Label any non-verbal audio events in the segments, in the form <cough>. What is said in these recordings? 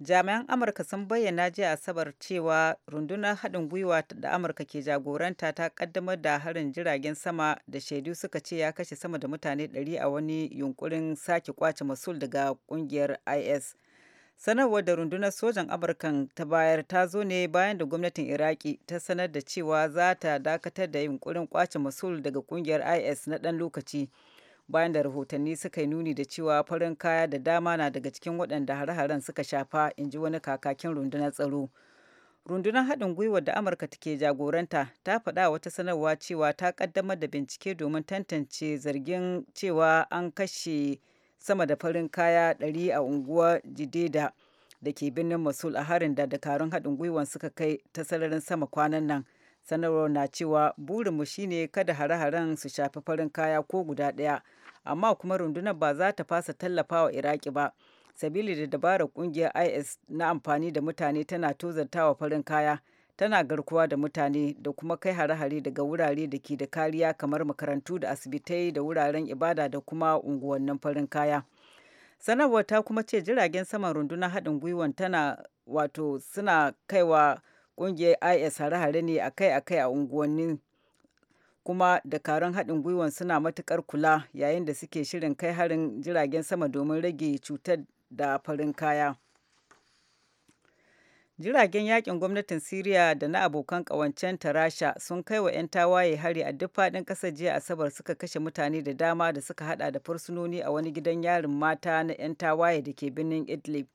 jami'an amurka sun bayyana jiya asabar cewa rundunar haɗin gwiwa da amurka ke jagoranta ta kaddamar da harin jiragen sama da shaidu suka ce ya kashe sama da mutane 100 a wani yunkurin sake kwace masul daga kungiyar is sanarwar da rundunar sojan amurkan ta bayar ta zo ne bayan da gwamnatin iraki ta sanar da cewa za ta dakatar da yunkurin kwace masul daga kungiyar is na ɗan lokaci bayan da rahotanni suka yi nuni da cewa farin kaya da dama na daga cikin waɗanda hare-haren suka shafa in ji wani kakakin rundunar tsaro rundunar haɗin gwiwar da amurka take jagoranta ta faɗa wata sanarwa cewa ta ƙaddamar da bincike domin tantance zargin cewa an kashe sama da farin kaya ɗari a unguwa jideda da ke birnin mosul a harin da dakarun haɗin gwiwar suka kai ta sararin sama kwanan nan sanarwar na cewa burinmu shine kada hare-haren su shafi farin kaya ko guda ɗaya amma kuma rundunar ba za ta fasa tallafa wa iraki ba sabili da dabarar kungiyar is na amfani da mutane tana tozartawa farin kaya tana garkuwa da mutane da kuma kai hare-hare daga wurare da ke da kariya kamar makarantu da asibitai da wuraren ibada da kuma unguwannin farin kaya sanarwar ta kuma ce jiragen saman rundunar haɗin gwiwan tana wato suna kaiwa ƙungiyar is hare-hare ne akai-akai a unguwanni kuma dakarun haɗin gwiwan suna matuƙar kula yayin da suke shirin kai harin jiragen sama domin rage cutar da farin kaya jiragen yakin gwamnatin syria da na abokan ƙawancen tarasha sun kai wa 'yan tawaye hari a duk faɗin ƙasar jiya asabar suka kashe mutane da dama da suka hada da fursunoni a wani gidan yarin mata na 'yan tawaye da ke birnin idlib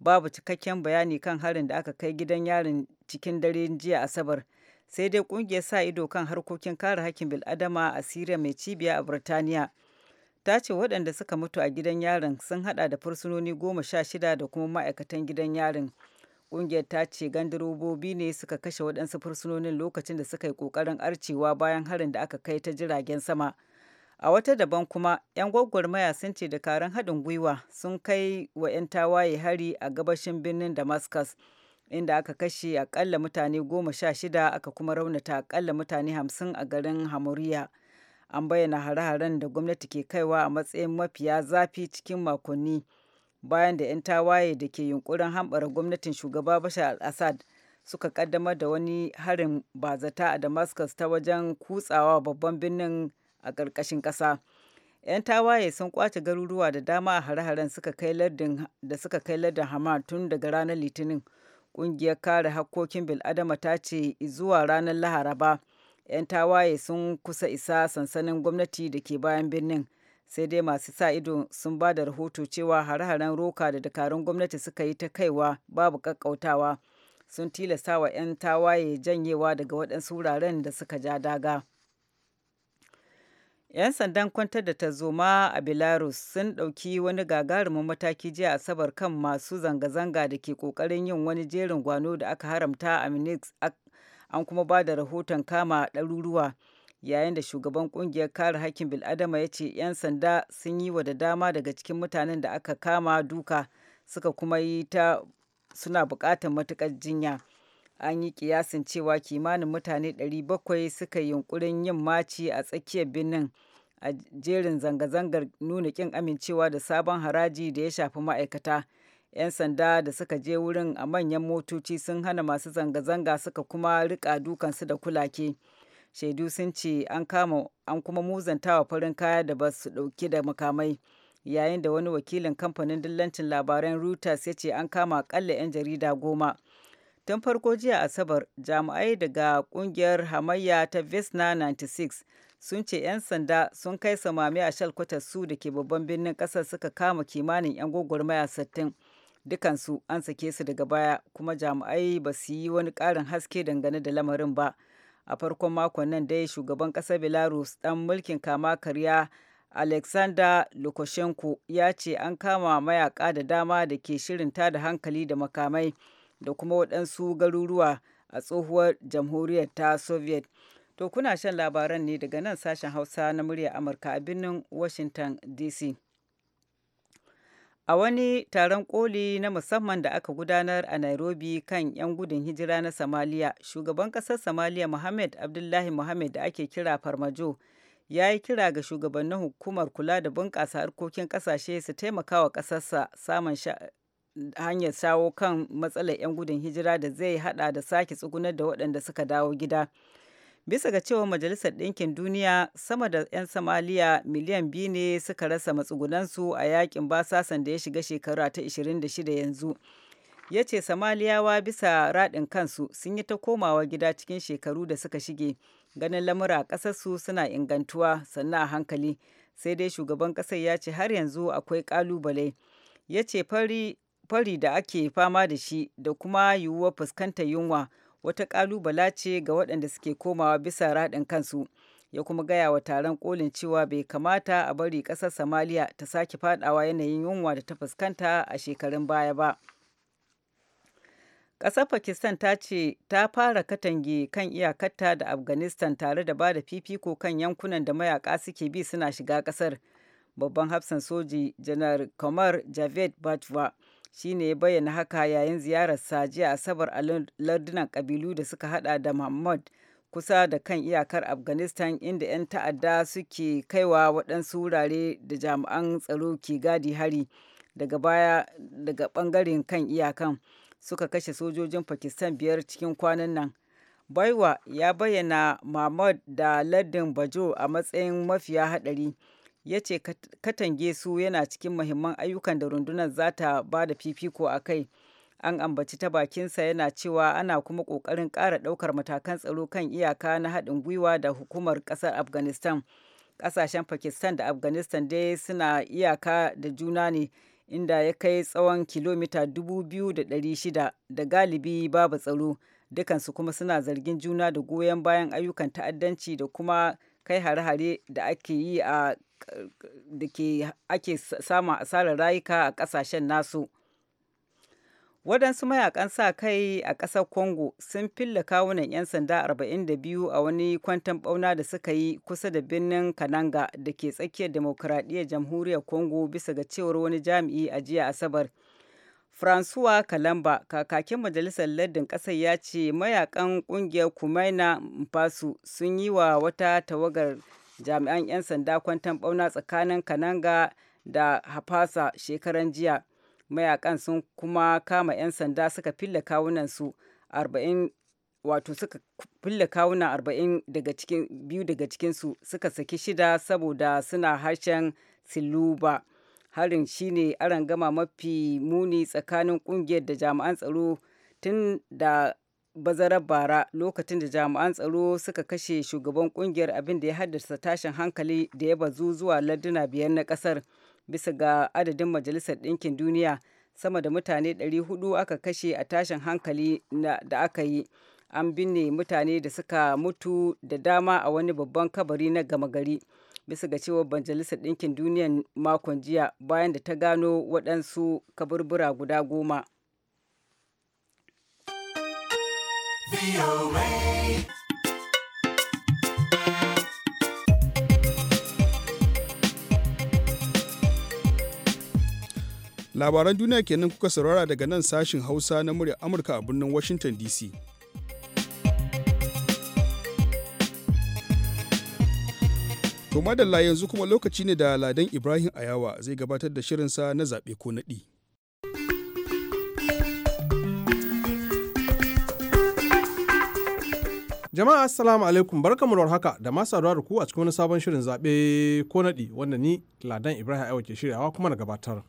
babu cikakken bayani kan harin da aka kai gidan yarin cikin daren jiya Asabar. Sai dai kungiyar sa ido kan harkokin kare hakkin bil'adama a Siriya mai cibiya a Burtaniya. Ta ce waɗanda suka mutu a gidan yarin sun hada da fursunoni goma sha shida da kuma ma'aikatan gidan yarin. Kungiyar ta ce gandarobobi ne suka kashe waɗansu fursunonin lokacin da suka yi ƙoƙarin arcewa bayan harin da aka kai ta jiragen sama. A wata daban kuma, 'yan gwagwarmaya sun ce da dakarun haɗin gwiwa sun kai wa 'yan tawaye hari a gabashin birnin Damascus inda aka kashe akalla mutane goma sha shida aka kuma raunata akalla mutane hamsin a garin hamuriya an bayyana hare-haren da gwamnati ke kaiwa a matsayin mafiya zafi cikin makonni bayan da 'yan tawaye da ke yunkurin hambara gwamnatin shugaba bashar al-assad suka kaddamar da wani harin bazata a damascus ta wajen kutsawa babban birnin a ƙarƙashin ƙasa 'yan tawaye sun kwace garuruwa da dama a hare-haren da suka kai lardin hamar tun daga ranar litinin Ƙungiyar kare hakkokin bil'adama ta ce zuwa ranar laharaba 'yan tawaye sun kusa isa sansanin gwamnati da ke bayan birnin. Sai dai masu sa ido sun ba da rahoto cewa hare-haren roka da dakarun gwamnati suka yi ta kaiwa babu ƙaƙƙautawa sun tilasta wa 'yan tawaye janyewa daga waɗansu wuraren da suka ja daga. 'Yan sandan kwantar da ta zoma a Belarus sun ɗauki wani gagarumin mataki jiya Asabar kan masu zanga-zanga da ke ƙoƙarin yin wani jerin gwano da aka haramta a Minsk an kuma ba da rahoton kama ɗaruruwa yayin da shugaban kungiyar kare hakkin bil'adama ya ce 'yan sanda sun yi wa da dama daga cikin mutanen da aka kama duka suka kuma yi ta suna buƙatar matuƙar jinya. an yi kiyasin cewa kimanin mutane 700 suka yunkurin yin maci a tsakiyar birnin a jerin zanga-zangar nuna kin amincewa da sabon haraji da ya shafi ma'aikata 'yan sanda da suka je wurin a manyan motoci sun hana masu zanga-zanga suka kuma rika dukansu da kulake shaidu sun ce an kama an kuma muzantawa farin kaya da ba su dauki da makamai yayin da wani wakilin kamfanin dillancin labaran reuters ya ce an kama akalla 'yan jarida goma Tun farko jiya Asabar, jami'ai daga kungiyar hamayya ta Vesna 96 sun ce 'yan sanda sun kai samami a shalkwatar su da ke babban birnin kasar suka kama kimanin 'yan gwagwarmaya 60. Dukansu an sake su daga baya kuma jami'ai ba su yi wani ƙarin haske dangane da lamarin ba. A farkon makon nan dai shugaban ƙasar Belarus ɗan mulkin kama karya Alexander Lukashenko ya ce an kama mayaka da dama da ke shirin tada hankali da makamai. da kuma waɗansu garuruwa a tsohuwar jamhuriyar ta soviet to kuna shan labaran ne daga nan sashen hausa na murya amurka a birnin washington dc a wani taron koli na musamman da aka gudanar a nairobi kan 'yan gudun hijira na samaliya shugaban ƙasar samaliya mohamed abdullahi mohamed da ake kira farmajo ya yi kira ga shugabannin hukumar kula da bunƙasa harkokin ƙasashe su taimaka wa ƙasarsa samun hanyar shawo kan matsalar 'yan gudun hijira da zai hada da sake tsugunar da waɗanda suka dawo gida. Bisa ga cewa Majalisar Ɗinkin Duniya sama da 'yan Somaliya miliyan biyu ne suka rasa matsugunansu a yakin basasan da ya shiga shekara ta 26 yanzu. Ya ce Somaliyawa bisa raɗin kansu sun yi ta komawa gida cikin shekaru da suka shige. Ganin lamura ƙasarsu suna ingantuwa sannan a hankali. Sai dai shugaban ƙasar ya ce har yanzu akwai ƙalubale. ya ce fari fari da ake fama da shi da kuma yiwuwar fuskantar yunwa wata kalubala ce ga waɗanda suke komawa bisa raɗin kansu ya kuma gaya wa taron kolin cewa bai kamata a bari ƙasar somaliya ta sake fadawa yanayin yunwa da ta fuskanta a shekarun baya ba ƙasar pakistan ta ce ta fara katange kan iyakarta da afghanistan tare da ba da fifiko kan yankunan da mayaka suke bi suna shiga ƙasar babban hafsan soji janar kamar javed bajwa shine ya bayyana haka yayin ziyarar ziyararsa jiya asabar a lardunan kabilu da suka hada da muhammad kusa da kan iyakar afghanistan inda 'yan ta'adda suke kaiwa waɗansu wurare da jami'an tsaro ke gadi hari daga baya daga ɓangaren kan iyakan suka kashe sojojin pakistan biyar cikin kwanan nan baiwa ya bayyana mahmud da lardin bajo a matsayin mafiya haɗari ya ce katange su yana cikin mahimman ayyukan da rundunar za ta ba da fifiko a kai an ambaci ta bakinsa yana cewa ana kuma ƙoƙarin ƙara ɗaukar matakan tsaro kan iyaka na haɗin gwiwa da hukumar ƙasar afghanistan ƙasashen pakistan da afghanistan dai suna iyaka da juna ne inda ya kai tsawon kilomita 2,600 da galibi babu tsaro dukansu kuma suna zargin juna da goyon bayan ayyukan ta'addanci da kuma kai hare-hare da ake yi a da ke ake samun asarar rayuka a kasashen nasu. waɗansu mayakan sa kai a ƙasar congo sun filla kawunan 'yan sanda 42 a wani kwantan ɓauna da suka yi kusa da birnin kananga da ke tsakiyar demokuraɗiyyar jamhuriyar congo bisa ga cewar wani jami'i a jiya asabar francois kalamba kakakin majalisar lardin ƙasar ya ce mayakan ƙungiyar kumaina mpasu sun yi wa wata tawagar jami'an 'yan sanda kwantan bauna tsakanin kananga da hafasa shekaran jiya mayakan sun kuma kama 'yan sanda suka fille kawunansu 40 wato suka fille kawuna 40 daga cikin biyu daga cikinsu suka saki shida saboda suna harshen siluba harin shine gama mafi muni tsakanin kungiyar da jami'an tsaro tun da bazarar bara lokacin da jami'an tsaro suka kashe shugaban kungiyar abin da ya haddasa tashin hankali da ya bazu zuwa larduna biyar na kasar bisa ga adadin majalisar ɗinkin duniya sama da mutane 400 aka kashe a tashin hankali da aka yi an binne mutane da suka mutu da dama a wani babban kabari na gama gari bisa ga cewar majalisar ɗinkin duniya makon jiya bayan da ta gano waɗansu kaburbura guda goma. Labaran duniya kenan kuka saurara daga nan sashin Hausa na murya Amurka a birnin Washington DC. To madalla yanzu kuma lokaci ne da Ladan Ibrahim Ayawa zai gabatar da shirinsa na zaɓe ko naɗi. Jama'a assalamu alaikum barkamu da haka da masu saduwa da ku a cikin wani sabon shirin zaɓe ko naɗi wanda ni Ladan Ibrahim Aiwa ke shiryawa kuma na gabatar.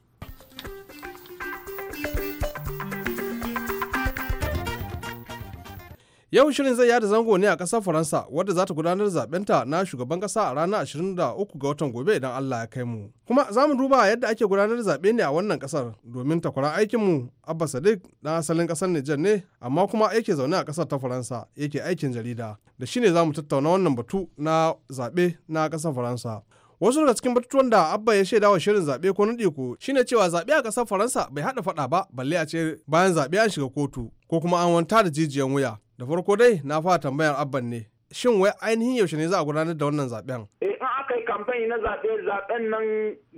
Yau shirin zai yada zango ne a ƙasar Faransa wadda za ta gudanar zaɓenta na shugaban ƙasa a ranar 23 ga watan gobe idan Allah ya kai mu. Kuma za mu duba yadda ake gudanar zaɓe ne a wannan ƙasar domin takwaran aikinmu Abba Sadiq na asalin ƙasar Nijar ne amma kuma yake zaune a ƙasar ta Faransa yake aikin jarida. Da shi ne za mu tattauna wannan batu na zaɓe na ƙasar Faransa. Wasu daga cikin batutuwan da Abba ya shaidawa shirin zaɓe ko nuɗi ko shine cewa zaɓe a ƙasar Faransa bai haɗa faɗa ba balle a ce bayan zaɓe an shiga kotu ko kuma an wanta da jijiyan wuya. da farko dai na fara tambayar abban ne shin wai ainihin yaushe ne za a gudanar da wannan zaɓen. Eh, yi na zaɓe zaɓen nan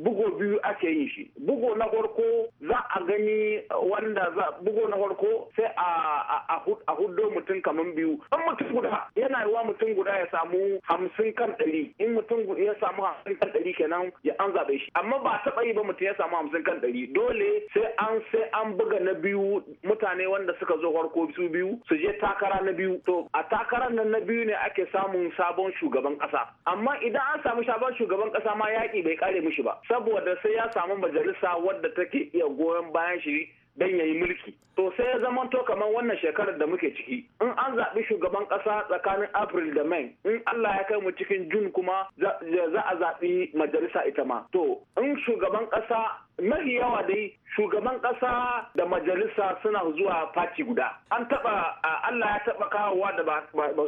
bugo biyu ake yin shi bugo na farko za a gani wanda za bugo na farko sai a huddo mutum kaman biyu an mutum guda yana yiwa mutum guda ya samu hamsin kan ɗari in mutum ya samu hamsin kan ɗari kenan ya an zaɓe shi amma ba taɓa yi ba mutum ya samu hamsin kan ɗari dole sai an sai an buga na biyu mutane wanda suka zo farko su biyu su je takara na biyu to a takarar nan na biyu ne ake samun sabon shugaban ƙasa amma idan an samu sabon shugaban shugaban kasa ma yaƙi bai kare mishi ba saboda sai ya samu majalisa wadda take iya goyon bayan shi dan yayi mulki to sai ya zama to kamar wannan shekarar da muke ciki in an zaɓi shugaban ƙasa tsakanin april da mai in allah ya kai mu cikin jun kuma za a zaɓi majalisa ita ma to in shugaban ƙasa mafi yawa dai shugaban kasa da majalisa suna zuwa fati guda an taba Allah ya taba kawowa da ba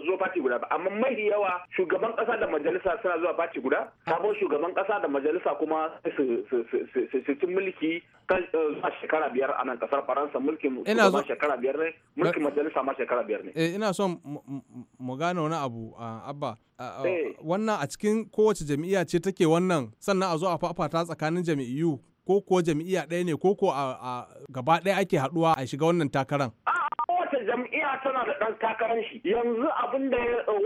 zuwa fati guda ba amma mafi yawa shugaban kasa da majalisa suna zuwa fati guda sabon shugaban kasa da majalisa kuma su ci mulki eh, zuwa shekara biyar a nan kasar faransa mulkin shugaban shekara biyar ne mulkin majalisa ma shekara biyar ne eh, ina son mu gane wani abu abba eh. wannan a cikin kowace jam'iyya ce take wannan sannan a zo a fafata tsakanin jam'iyyu ko ko jam'iyya ɗaya ne ko ko a gaba ɗaya ake haɗuwa a shiga wannan takaran. kowace jam'iyya tana da ɗan takarar shi yanzu abin da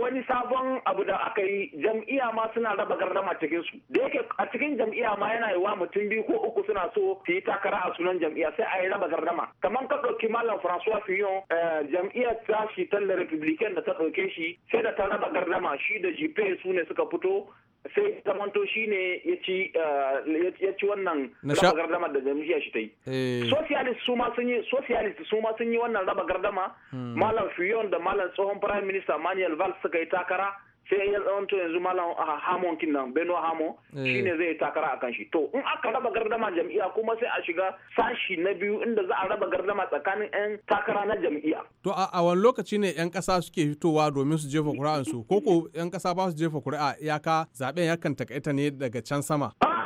wani sabon abu da aka yi jam'iya ma suna raba gardama cikin su da yake a cikin jam'iya ma yana yi wa mutum biyu ko uku suna so su yi takara a sunan jam'iyya sai a yi raba gardama kamar ka ɗauki malam François fillon eh, jam'iyyar ta shi ta republican da ta ɗauke shi sai da ta raba gardama shi da jipe su ne suka fito sai zamanto shi ne ya ci eh, wannan raba gardama da jam'iyyar shi ta eh. yi socialist su ma sun yi wannan raba gardama. Hmm. Malam Fiyon da Malam tsohon Prime Minister Manuel Valls suka yi takara. sai in ya tsawon to yanzu malam ah, hamon kin nan beno hamon eh. shine zai takara akan shi to in aka raba gardama jam'iyya kuma sai a shiga sashi na biyu inda za a raba gardama tsakanin yan takara na jam'iyya to a wani lokaci ne yan kasa suke fitowa domin su jefa kuri'ansu ko ko yan kasa ba su jefa kuri'a iyaka zaben yakan takaita ne daga can sama a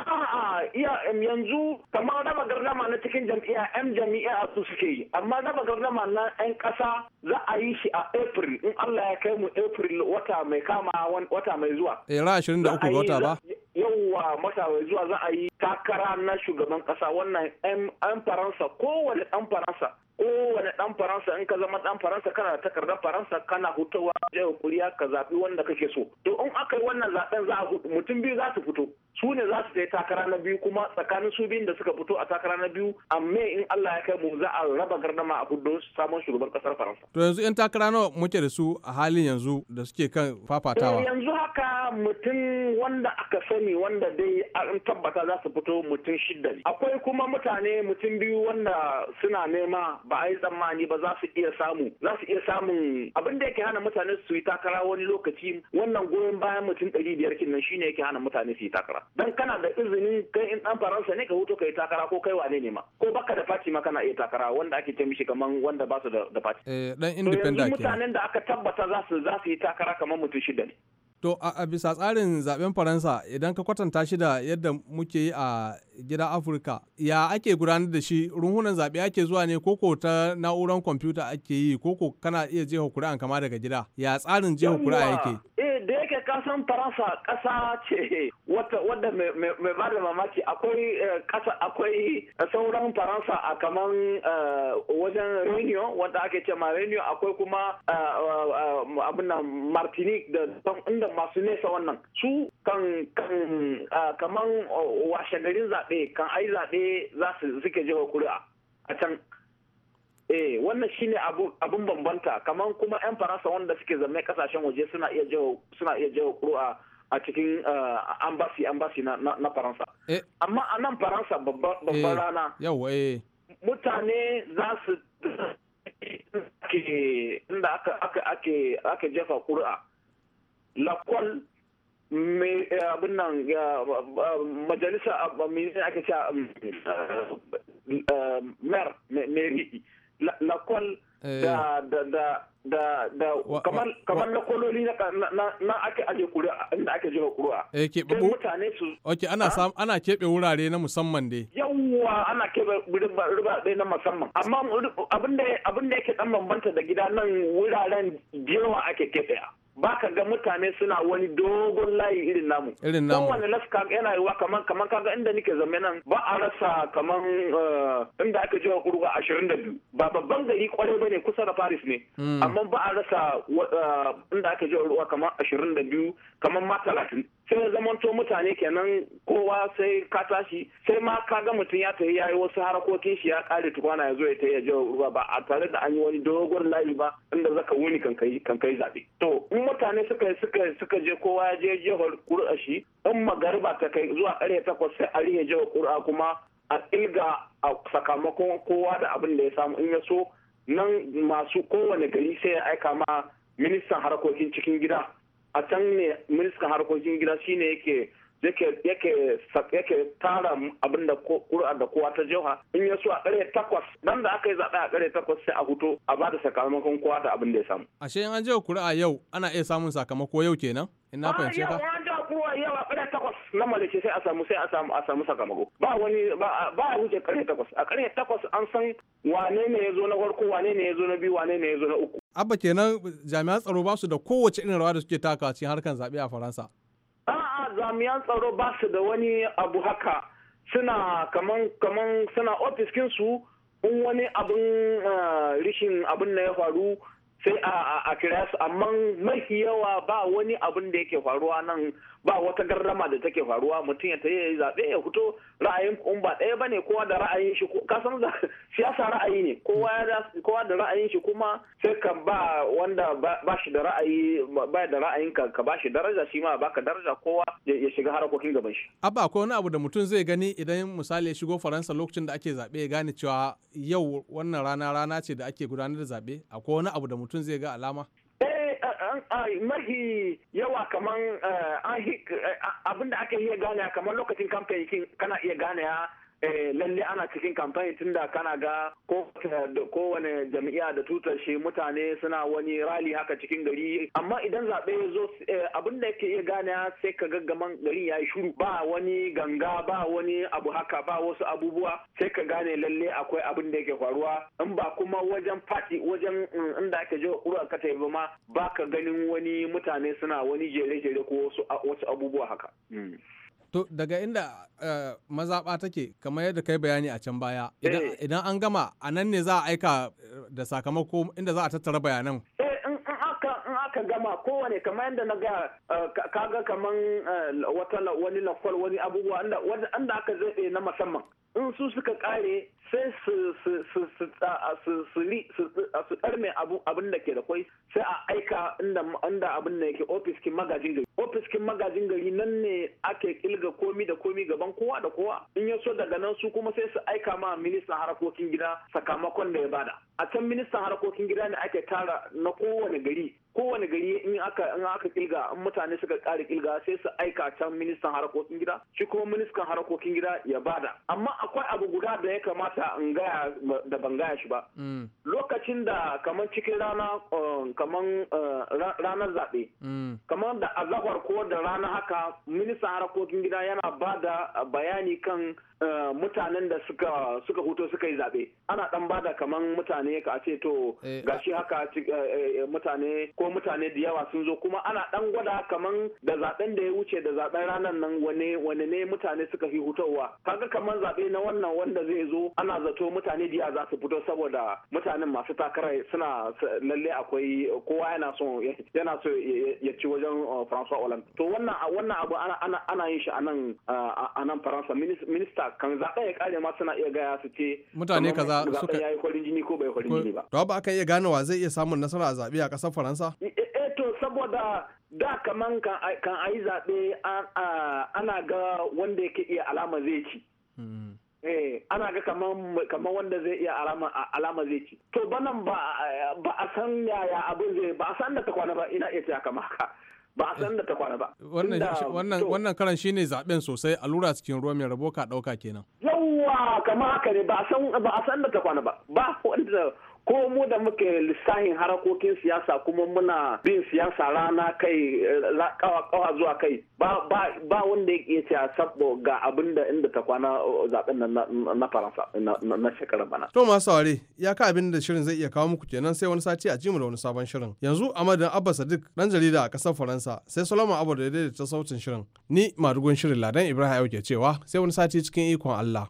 m yanzu kamar raba gardama na cikin jam'iyya yan jam'iyya su suke yi amma raba gardama na yan ƙasa za a yi shi a april in allah ya kai mu april wata mai kama wata mai zuwa eh ran 23 ga wata ba Yawwa mata mai zuwa za a yi takara na shugaban ƙasa wannan yan faransa kowane ɗan faransa kowane ɗan faransa in ka zama ɗan faransa kana da takardar faransa kana hutowa da kuriya ka zaɓi wanda kake so to in aka yi wannan zaɓen za a mutum biyu za su fito su ne za su yi takara na biyu kuma tsakanin su biyun da suka fito a takara na biyu amma in Allah ya kai mu za a raba gardama a kudu samun shugaban kasar Faransa. To yanzu yan takara nawa muke da su a halin yanzu da suke kan fafatawa. Eh, yanzu haka mutum wanda aka sani wanda dai an tabbata za su fito mutum shida ne. Akwai kuma mutane mutum biyu wanda suna nema ba a yi tsammani ba za su iya samu za su iya samun abin da yake hana mutane su yi takara wani lokaci wannan goyon bayan mutum ɗari biyar kin shine yake hana mutane su yi takara. dan kana da izini kai in dan faransa ne ka huto kai takara ko kai wane ne ma ko baka da faci ma kana iya takara wanda ake ce mishi kaman wanda ba su da faci eh dan independent kenan mutanen da aka tabbata za su za su yi takara kaman mutum shida ne To a bisa tsarin zaben Faransa idan ka kwatanta shi da yadda muke yi a gida Afirka, ya ake gudanar da shi runhunan zaɓe ake zuwa ne koko ta na'urar kwamfuta ake yi koko kana iya jefa kuri'an kama daga gida, ya tsarin jefa kuri'a yake? kasan faransa kasa ce wadda mai ba da mamaki akwai kasa eh, akwai sauran faransa a kaman eh, wajen reunion wanda ake ce ma reunion akwai kuma eh, abin nan martinique da inda masu nesa wannan su kan kaman washe garin zaɓe kan ai zaɓe za su suke jefa kuri'a a can eh wannan shine abun bambanta kamar kuma yan faransa wanda suke zama kasashen waje suna iya jawo iya jawo kuru'a a cikin ambasi eh, ambasi na faransa eh. amma a nan faransa babban eh. rana mutane za su inda aka jefa kuru'a lakwal abin nan majalisa ake cewa um, mer mai lakol eh. da da da da da kamar da lakololi na ake aje kuri'a ake jira kuri'a eh mutane su okay ana sam ana kebe wurare na musamman dai yawwa ana kebe riba dai na musamman amma abin da abin da yake dan bambanta da gida nan wuraren jewa ake kebe ba ka ga mutane suna wani dogon layi irin namu. Irin namu. Kowane laska yana yiwa kaman kaman kaga inda nike zama nan ba a rasa kaman eh, inda aka ji kurwa ashirin da biyu. Ba babban gari kwarai ba ne kusa da Paris ne. Hmm. Amma ba a rasa eh, inda aka ji kurwa kaman ashirin da biyu kaman ma talatin. sai zamanto mutane kenan kowa sai ka tashi sai ma ka ga mutum ya tafi ya yi wasu harakokin shi ya kare tukwana ya zo ya tafi ya je ruwa ba a tare da an yi wani dogon layi ba inda zaka wuni kan kai zabe to in mutane suka suka je kowa ya je jihar kur'a shi in magariba ta kai zuwa ƙarfe takwas sai ari ya jihar kur'a kuma a ilga a sakamakon kowa da abin da ya samu in ya so nan masu kowane gari sai ya aika ma ministan harkokin cikin gida a can ne ministan harkokin gida shine yake yake tara abin da kura da kowa ta jiha in ya so a ƙare takwas dan da aka yi zaɓe a ƙare takwas sai a huto a ba da sakamakon kowa da abin da ya samu. ashe in an jiwa ƙuri'a yau ana iya samun sakamako yau kenan in na fahimce ka. an jiwa ƙuri'a yau a ƙare takwas na malice sai a samu sai a samu a samu sakamako ba wani ba a wuce ƙare takwas a ƙare takwas an san wane ne ya zo na farko wane ne ya zo na biyu wane ne ya zo na uku abba kenan jami'an tsaro ba su da kowace irin rawa da suke taka cikin harkar zaɓe a faransa a'a jami'an tsaro ba su da wani abu haka suna kaman kaman suna ofis kinsu in wani abin eh, rishin abin da ya faru sai a kira su amma mafi yawa ba wani abun da yake faruwa nan ba wata gardama da take faruwa mutum ya tayi zaɓe ya fito ra'ayin in ba ɗaya bane kowa da ra'ayin shi ka san <laughs> siyasa ra'ayi ne kowa da ra'ayin shi kuma sai ka ba wanda ba shi da ra'ayi ba da ra'ayin ka ka ba shi daraja shi ma ba ka daraja kowa ya shiga harkokin gaban shi abba akwai wani abu da mutum zai gani idan misali ya shigo faransa lokacin da ake zaɓe ya gane cewa yau wannan rana rana ce da ake gudanar da zaɓe akwai wani abu da mutum zai ga alama mahi yawa kaman eh, eh, abinda da aka iya gane kamar lokacin kamfe kana iya gane Eh, lalle ana cikin kamfani tunda da kana ga kowane jami'a da tutar shi mutane suna wani rali haka cikin gari amma idan zaɓe ya zo eh, abin da yake iya gane sai ka gaggaman garin ya yi shuru ba wani ganga ba wani abu haka ba wasu abubuwa sai ka gane lalle akwai abin da yake faruwa in ba kuma wajen fati wajen mm, inda ake je wa ka ba ma ba ka ganin wani mutane suna wani jere-jere ko wasu abubuwa haka. Mm. To daga inda uh, mazaɓa take kamar yadda kai bayani a can baya eh. idan an gama a nan ne za a aika eh, da sakamako inda za a tattara bayanan. aka gama kowane kamar yadda na kaga kamar wata wani lakwal wani abubuwa wanda aka zaɓe na musamman in su suka kare sai su karme abin da ke da kwai sai a aika inda abin da yake ofiskin magajin gari ofiskin magajin gari nan ne ake kilga komi da komi gaban kowa da kowa in ya so daga nan su kuma sai su aika ma ministan harkokin gida sakamakon da ya bada a can ministan harkokin gida ne ake tara na kowane gari kowane gari in aka in aka kilga in mutane suka kare kilga sai su aika can ministan harkokin gida shi kuma ministan harkokin gida ya bada amma akwai abu guda da ya kamata ka in gaya da ban gaya shi ba mm. lokacin da kamar cikin rana um, kamar uh, ranar zaɓe mm. kamar da azabar ko da rana haka ministan harkokin gida yana ba da bayani kan Eh, mutanen da suka suka huto suka yi zaɓe ana ɗan bada kaman mutane ka ce to eh, gashi haka eh, mutane ko mutane da yawa sun zo kuma ana ɗan gwada kaman da zaɓen da ya wuce da zaɓen ranar nan wane wane ne mutane suka fi hutowa kaga kaman zaɓe na wannan wanda zai zo ana zato mutane da za su fito saboda mutanen masu takara suna lalle akwai kowa yana so yana so ya ci wajen Francois Hollande to wannan wannan abu ana ana yin shi a nan a nan Faransa minista kan zaɓen ya kare ma suna iya gaya su ce mutane kaza ka yayi kwarin jini ko bai kwarin jini ba to ba kan iya ganawa zai iya samun nasara a zaɓe a ƙasar Faransa eh, eh, eh to saboda da kaman kan a yi zaɓe ana ga wanda yake iya alama zai ci hmm. Eh, ana ga kaman wanda zai iya alama zai ci. To banan ba a san yaya abin zai ba a san da ta kwana ba ina iya cewa ma. ka ba a san da ta kwana ba. Wannan karan shi ne zaɓen sosai allura cikin ruwa mai rabo ka ɗauka kenan. Yawwa kama haka ne ba a san da ta kwana ba ba ko mu da muke lissahin harakokin siyasa kuma muna bin siyasa rana kai kawa zuwa kai ba wanda ya ce sabbo ga abin da inda ta kwana uh, uh, zaben na na faransa na shekarar bana. to masu saurare ya ka abin da shirin zai iya kawo muku kenan sai wani sati a jimu da wani sabon shirin yanzu a madadin abba sadiq dan jarida a kasar faransa sai solomon abu da daidaita sautin shirin ni madugun shirin ladan ibrahim ke cewa sai wani sati cikin ikon allah.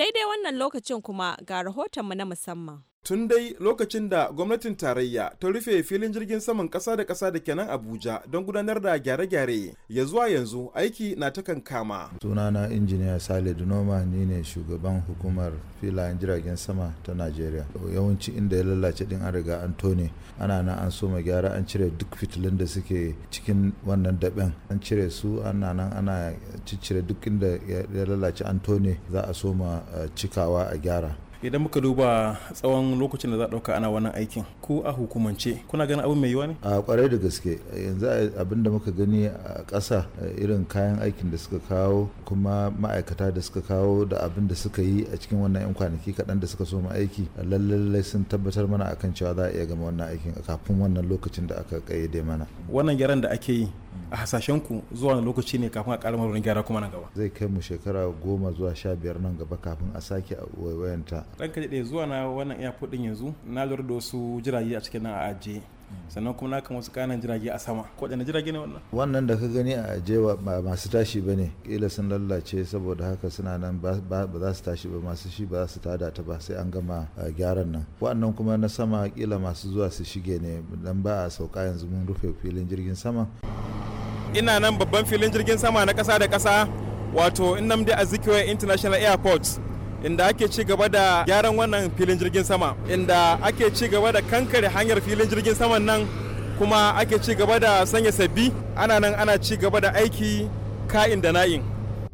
daidai wannan lokacin kuma ga rahoton rahotonmu na musamman. tun dai lokacin da gwamnatin tarayya ta rufe filin jirgin saman kasa da kasa da kenan abuja don gudanar da gyare-gyare ya zuwa yanzu aiki na ta kankama sunana injiniya sale dunoma ni ne shugaban hukumar filayen jiragen sama ta najeriya yawanci inda ya lalace din an riga an tone ana na an soma gyara an cire duk fitilun da suke cikin wannan daben an cire su ana nan ana ciccire duk inda ya lalace an tone za a soma eh, cikawa a gyara idan muka duba tsawon lokacin da za a ɗauka ana wannan aikin ko a hukumance kuna ganin abin mai yiwa ne a kwarai da gaske yanzu abin da muka gani a ƙasa irin kayan aikin da suka kawo kuma ma'aikata da suka kawo da abin da suka yi a cikin wannan yan kwanaki kaɗan da suka so mu aiki lallai sun tabbatar mana akan cewa za a iya gama wannan aikin kafin wannan lokacin da aka kayyade mana wannan gyaran da ake yi a hasashen ku zuwa wani lokaci ne kafin a karamar wani gyara kuma nan gaba zai kai mu shekara goma zuwa sha biyar nan gaba kafin a sake a wayanta ranka daɗe zuwa na wannan airport din yanzu na lura da wasu jirage a cikin nan a ajiye sannan kuma na kan wasu kanan jirage a sama ko waɗanne jirage ne wannan wannan da ka gani a aje ba masu tashi ba ne ƙila sun lallace saboda haka suna nan ba za su tashi ba masu shi ba za su tada ta ba sai an gama gyaran nan wannan kuma na sama ƙila masu zuwa su shige ne dan ba a sauka yanzu mun rufe filin jirgin sama ina nan babban filin jirgin sama na ƙasa da ƙasa wato nnamdi azikiwe international airport inda ake ci gaba da gyaran wannan filin jirgin sama inda ake ci gaba da kankare hanyar filin jirgin saman nan kuma ake ci gaba da sanya sabbi ana nan ana ci gaba da aiki ka'in da na'in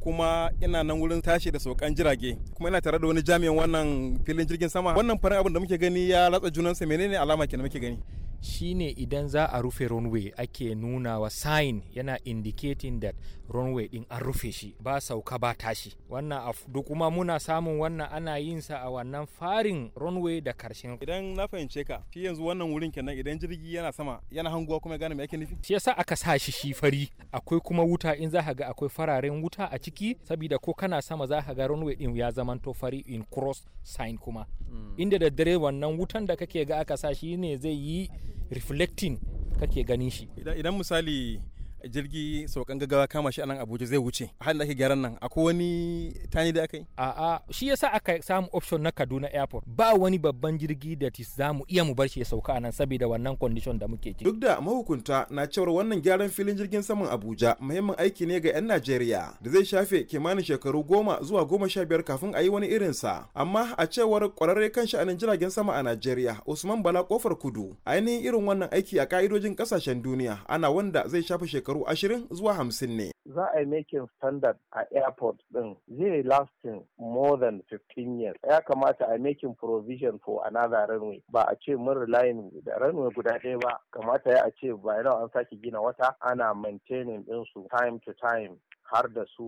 kuma ina nan wurin tashi da saukan jirage kuma ina tare da wani jami'in wannan filin jirgin sama wannan farin abin da muke gani ya ratsa junansa menene alama kenan muke gani shine idan za a rufe runway ake nuna wa sign yana indicating that runway din an rufe shi ba sauka ba tashi wannan duk kuma muna samun wannan ana yin sa a wannan farin runway da karshen idan na fahimce ka shi yanzu wannan wurin kenan idan jirgi yana sama yana hanguwa kuma gane me yake nufi shi yasa aka sa shi shi fari akwai kuma wuta in za ka ga akwai fararen wuta a ciki saboda ko kana sama za ka ga runway din ya zamanto fari in cross sign kuma hmm. inda da dare wannan wutan da kake ga aka sa shi ne zai yi reflecting kake ganin shi idan misali jirgi saukan gaggawa kama shi a abuja zai wuce a halin da ake gyaran nan akwai wani tani da aka yi a'a shi yasa aka samu option na kaduna airport ba wani babban jirgi da za mu iya mu bar shi ya sauka anan saboda wannan condition da muke ciki duk da mahukunta na cewar wannan gyaran filin jirgin saman abuja muhimmin aiki ne ga 'yan najeriya da zai shafe kimanin shekaru goma zuwa goma sha biyar kafin a yi wani irin sa amma a cewar kwararre kan sha'anin jiragen sama a najeriya usman bala kofar kudu ainihin irin wannan aiki a ka'idojin kasashen duniya ana wanda zai shafe shekaru shekaru 20 zuwa 50 ne. Za a yi making standard a airport din zai lasting more than 15 years. Ya kamata a making provision for another runway ba a ce mun relying da runway guda ɗaya ba kamata ya a ce ba an sake gina wata ana maintaining din su time to time har da su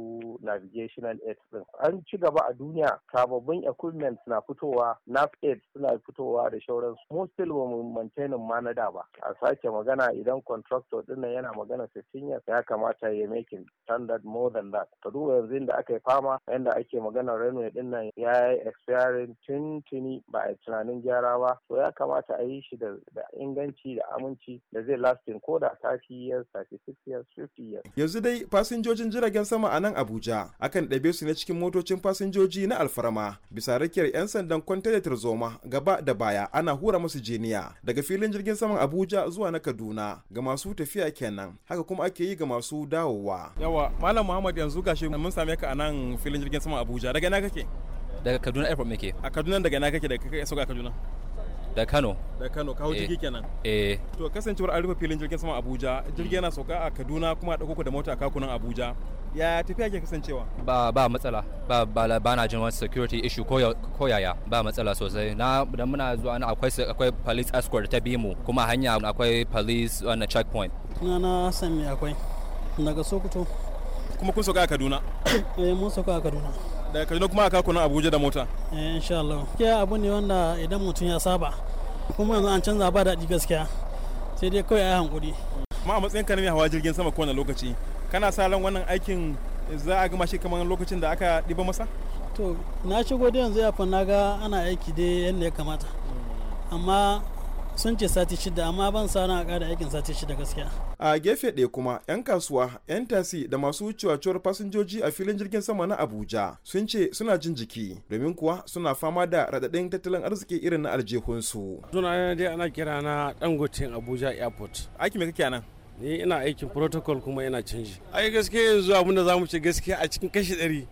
navigational aids din an ci gaba a duniya sababbin equipment na fitowa nav aids suna fitowa da shauran mu still ba mu maintainin ma na da ba a sake magana idan contractor din yana magana 15 years ya kamata ya making standard more than that ka duba yanzu da aka yi fama yanda ake magana railway din nan ya yi expiring tun tuni ba a tunanin gyara ba to ya kamata a yi shi da inganci da aminci da zai lasting ko da 30 years 36 years 50 years yanzu dai fasinjojin jira jiragen sama a nan Abuja akan ɗabe su ne cikin motocin fasinjoji na alfarma bisa rakiyar 'yan sandan da tarzoma gaba da baya ana hura musu jiniya daga filin jirgin saman Abuja zuwa na Kaduna ga masu tafiya kenan haka kuma ake yi ga masu dawowa. Yawa Malam Muhammad yanzu gashi mun same ka a nan filin jirgin saman Abuja daga ina kake? Daga Kaduna Airport muke. A Kaduna daga ina kake daga kai sauka Kaduna? da Kano da Kano kawo jirgi eh. kenan eh to kasancewar an rufe filin jirgin sama Abuja jirgi yana sauka a Kaduna kuma a dauko da mota kakunan Abuja ya tafiya ke kasancewa ba ba matsala ba ba ba na jin wani security issue ko ko yaya ba matsala sosai na da muna zuwa na akwai akwai police escort ta bi mu kuma hanya akwai police on checkpoint na san me akwai daga Sokoto kuma kun sauka a Kaduna <coughs> eh mun sauka a Kaduna daga kaduna kuma aka kuna abuja da mota eh insha Allah ke abu ne wanda idan mutum ya saba kuma yanzu an canza ba daɗi gaskiya sai dai kawai a hankuri amma a matsayin ka ne hawa jirgin sama kowane lokaci kana sa ran wannan aikin za a gama shi kamar lokacin da aka ɗiba masa to na shigo da yanzu ya na ga ana aiki dai yadda ya kamata amma sun ce sati shida amma ban sa a ƙara aikin sati shida gaskiya a gefe ɗaya kuma 'yan kasuwa 'yan tasi da masu ciwaciwar fasinjoji a filin jirgin sama na abuja sun ce suna jin jiki domin kuwa suna fama da raɗaɗin tattalin arziki irin na aljihunsu suna dai ana kira na dangoten abuja airport aiki me kake nan ni ina aikin protocol kuma ina canji ai gaskiya yanzu abinda zamu ce gaskiya a cikin kashi ɗari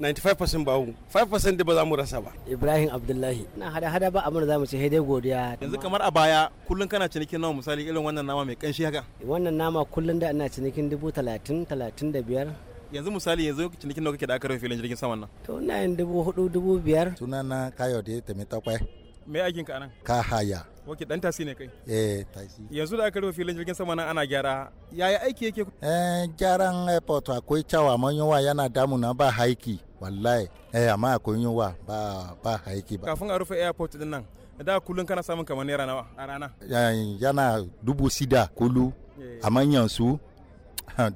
95% ba 5% da ba za mu rasa ba Ibrahim Abdullahi na hada hada ba abin da za mu ce dai godiya yanzu kamar a baya kullun kana cinikin nawa misali irin wannan nama mai kanshi haka wannan nama kullun da ina cinikin dubu talatin talatin da biyar yanzu misali yanzu cinikin nawa kake da aka rufe filin jirgin saman nan to ina yin dubu hudu dubu biyar sunana Kayode takwai me aikin ka nan ka haya ok dan tasi ne kai eh tasi yanzu da aka rufe filin jirgin sama nan ana gyara yaya aiki yake eh gyaran airport akwai cawa manyowa yana damuna ba haiki wallahi eh amma akwai yunwa ba ba haiki ba kafin a rufe airport din nan da kullun kana samun kamar naira nawa a rana yana dubu sida kulu a manyan su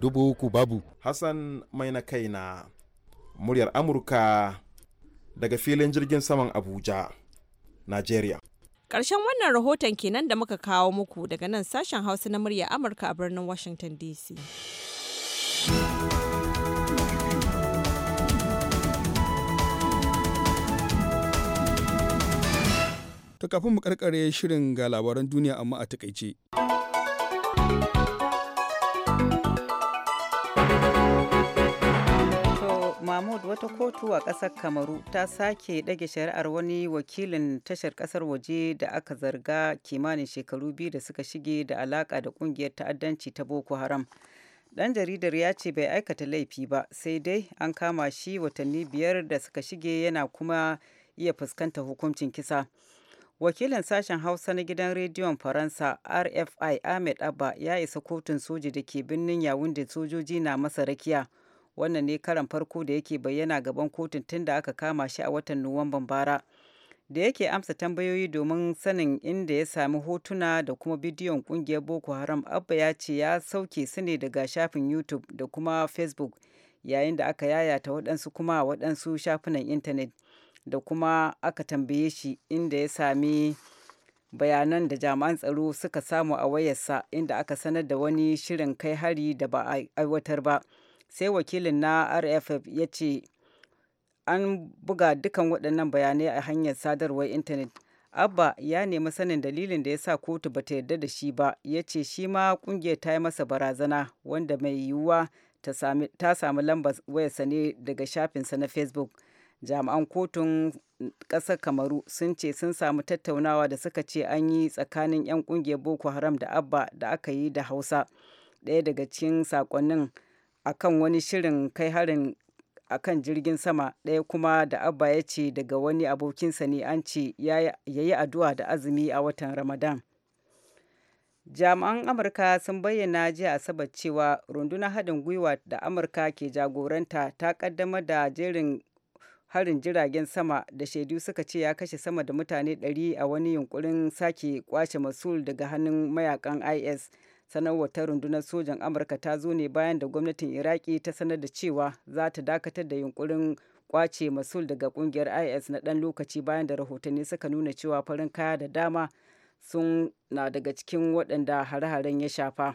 dubu uku babu hassan mai na kaina muryar amurka daga filin jirgin saman abuja nigeria Ƙarshen wannan rahoton kenan da muka kawo muku daga nan sashen Hausa na murya Amurka a birnin Washington DC. To kafin mu karkare shirin ga labaran duniya amma a takaice. mahmud wata kotu a ƙasar kamaru ta sake ɗage shari'ar wani wakilin tashar ƙasar waje da aka zarga kimanin shekaru biyu da suka shige da alaƙa da ƙungiyar ta'addanci ta boko haram ɗan jaridar ya ce bai aikata laifi ba sai dai an kama shi watanni biyar da suka shige yana kuma iya fuskanta hukuncin kisa wakilin sashen hausa na gidan rediyon faransa rfi ahmed abba ya isa kotun soji da ke birnin yawun da sojoji na masa rakiya wannan ne karan farko da yake bayyana gaban kotun tun da aka kama shi a watan nuwamban bara da yake amsa tambayoyi domin sanin inda ya sami hotuna da kuma bidiyon kungiyar boko haram abba ya ce ya sauke su ne daga shafin youtube da kuma facebook yayin da aka yayata waɗansu kuma waɗansu shafunan intanet da kuma aka tambaye shi inda ya sami bayanan da jami'an tsaro suka samu a wayarsa inda aka sanar da wani shirin kai hari da ba a aiwatar ba sai wakilin na rff ya ce an buga dukan waɗannan bayanai a hanyar sadarwar intanet abba ya nemi sanin dalilin da ya sa kotu ba ta yarda da shi ba ya ce shi ma ƙungiyar ta yi masa barazana wanda mai yiwuwa ta sami lambar wayarsa ne daga shafinsa na facebook jami'an kotun ƙasar kamaru sun ce sun samu tattaunawa da suka ce an yi tsakanin 'yan ƙungiyar boko haram da abba da aka yi da hausa ɗaya daga cikin sakonnin akan wani shirin kai harin akan jirgin sama ɗaya kuma da abba ya ce daga wani abokinsa ne an ce ya yi addu'a da azumi a watan ramadan jami'an amurka sun bayyana jiya asabar cewa rundunar haɗin gwiwa da amurka ke jagoranta ta ƙaddamar da jerin harin jiragen sama da shaidu suka ce ya kashe sama da mutane 100 a wani yunkurin sake kwace masul daga hannun mayakan is sanarwar ta rundunar sojan amurka ta zo ne bayan da gwamnatin iraki ta sanar da cewa za ta dakatar da yunkurin kwace masul daga kungiyar is na dan lokaci bayan da rahotanni suka nuna cewa farin kaya da dama sun na daga cikin waɗanda hare-haren ya shafa